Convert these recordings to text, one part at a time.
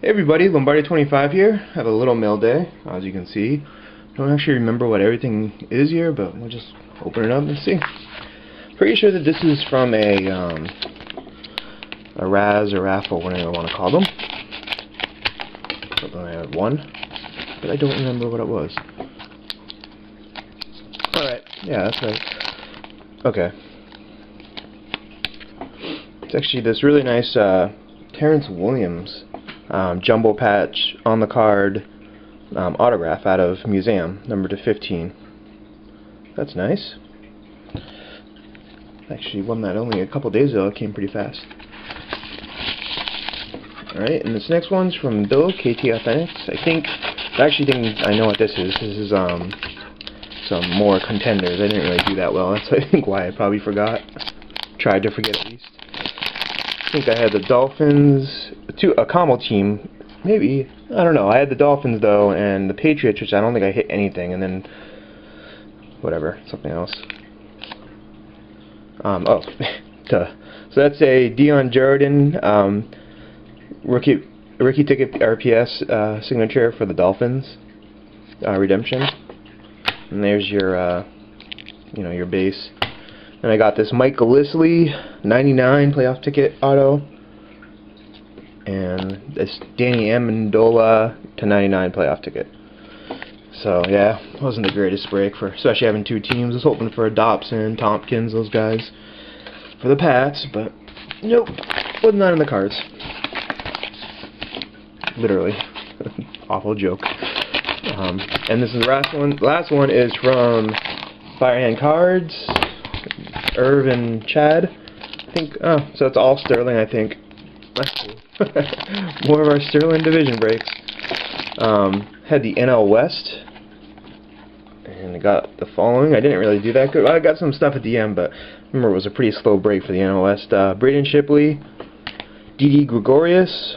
Hey everybody, Lombardi25 here. I have a little mail day, as you can see. don't actually remember what everything is here, but we'll just open it up and see. Pretty sure that this is from a, um, a Raz or raffle, whatever I want to call them. Something I had one, but I don't remember what it was. Alright, yeah, that's right. Okay. It's actually this really nice, uh, Terrence Williams um, jumbo patch on the card um, autograph out of museum number to 15 that's nice actually won that only a couple days ago it came pretty fast alright and this next one's from Bill KT Authentics I think I actually think I know what this is this is um some more contenders I didn't really do that well that's I think why I probably forgot tried to forget at least I think I had the Dolphins, two, a combo team, maybe, I don't know. I had the Dolphins, though, and the Patriots, which I don't think I hit anything, and then, whatever, something else. Um, oh, duh. So that's a Dion Jordan, um, rookie, rookie ticket RPS uh, signature for the Dolphins, uh, redemption. And there's your, uh, you know, your base. And I got this Mike Lisley 99 playoff ticket auto. And this Danny Amendola to 99 playoff ticket. So yeah, wasn't the greatest break for especially having two teams. I was hoping for a Dobson, Tompkins, those guys for the Pats, but nope, was not in the cards. Literally, awful joke. Um, and this is the last one. The last one is from Firehand Cards. Irv and Chad. I think, oh, so that's all Sterling, I think. More of our Sterling division breaks. Um, had the NL West, and I got the following. I didn't really do that good. I got some stuff at the end, but remember it was a pretty slow break for the NL West. Uh, Braden Shipley, D.D. Gregorius,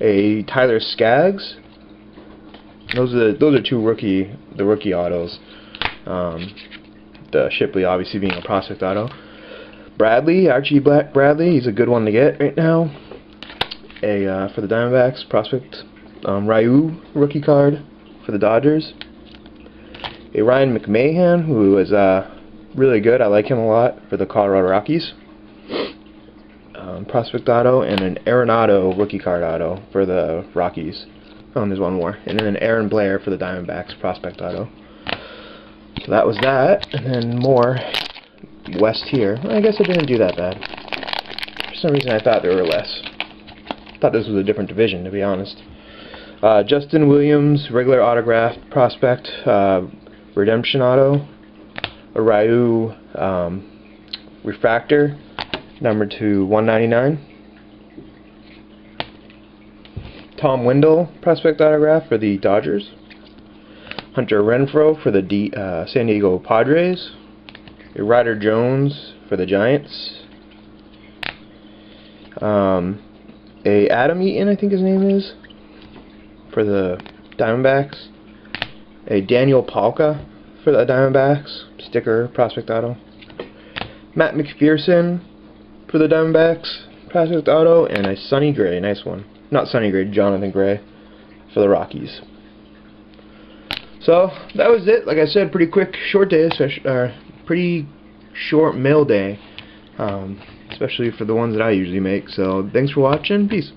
a Tyler Skaggs. Those are the, those are two rookie the rookie autos. Um, uh, Shipley obviously being a prospect auto. Bradley, Archie Black Bradley, he's a good one to get right now. A uh, for the Diamondbacks prospect, um, Ryu rookie card for the Dodgers. A Ryan McMahon, who is uh, really good. I like him a lot for the Colorado Rockies. Um, prospect auto and an Arenado rookie card auto for the Rockies. Um, there's one more, and then an Aaron Blair for the Diamondbacks prospect auto. So that was that, and then more west here. I guess I didn't do that bad. For some reason I thought there were less. I thought this was a different division, to be honest. Uh, Justin Williams, regular autograph prospect, uh, redemption auto, a Ryu um, refractor, number to 199. Tom Wendell prospect autograph for the Dodgers. Hunter Renfro for the D, uh, San Diego Padres, Ryder Jones for the Giants, um, a Adam Eaton, I think his name is, for the Diamondbacks, a Daniel Palka for the Diamondbacks, sticker, prospect auto, Matt McPherson for the Diamondbacks, prospect auto, and a Sonny Gray, nice one. Not Sonny Gray, Jonathan Gray for the Rockies. So that was it. Like I said, pretty quick, short day, uh, pretty short mail day, um, especially for the ones that I usually make. So thanks for watching. Peace.